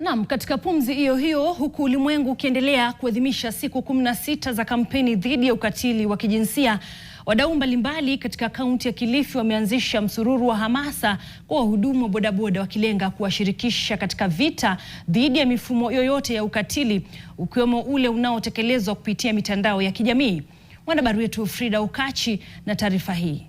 Naam, katika pumzi hiyo hiyo, huku ulimwengu ukiendelea kuadhimisha siku 16 za kampeni dhidi ya ukatili wa kijinsia, wadau mbalimbali katika kaunti ya Kilifi wameanzisha msururu wa hamasa kwa wahudumu wa bodaboda, wakilenga kuwashirikisha katika vita dhidi ya mifumo yoyote ya ukatili, ukiwemo ule unaotekelezwa kupitia mitandao ya kijamii. Mwanahabari wetu Frida Ukachi na taarifa hii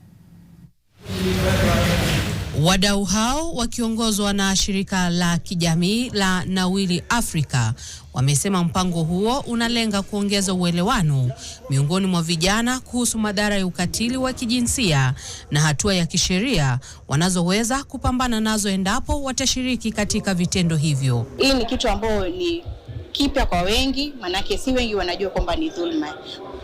Wadau hao wakiongozwa na shirika la kijamii la nawili Afrika wamesema mpango huo unalenga kuongeza uelewano miongoni mwa vijana kuhusu madhara ya ukatili wa kijinsia na hatua ya kisheria wanazoweza kupambana nazo endapo watashiriki katika vitendo hivyo. Hii ni kitu ambayo ni kipya kwa wengi, maanake si wengi wanajua kwamba ni dhulma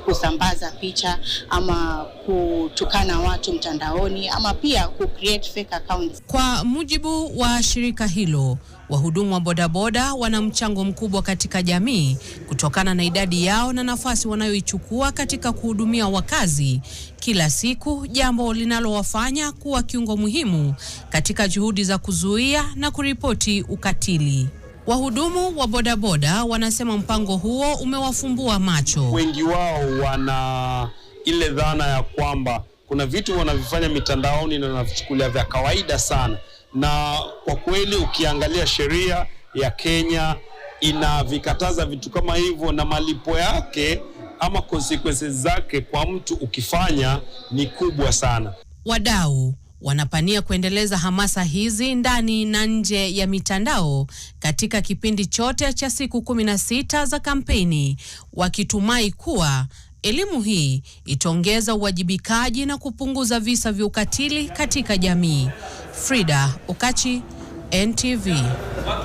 kusambaza picha ama kutukana watu mtandaoni ama pia ku create fake accounts. Kwa mujibu wa shirika hilo, wahudumu wa bodaboda wana mchango mkubwa katika jamii kutokana na idadi yao na nafasi wanayoichukua katika kuhudumia wakazi kila siku, jambo linalowafanya kuwa kiungo muhimu katika juhudi za kuzuia na kuripoti ukatili. Wahudumu wa bodaboda wanasema mpango huo umewafumbua macho. Wengi wao wana ile dhana ya kwamba kuna vitu wanavifanya mitandaoni na wanavichukulia vya kawaida sana, na kwa kweli ukiangalia sheria ya Kenya inavikataza vitu kama hivyo, na malipo yake ama consequences zake kwa mtu ukifanya ni kubwa sana. Wadau wanapania kuendeleza hamasa hizi ndani na nje ya mitandao katika kipindi chote cha siku kumi na sita za kampeni, wakitumai kuwa elimu hii itaongeza uwajibikaji na kupunguza visa vya ukatili katika jamii. Frida ukachi NTV.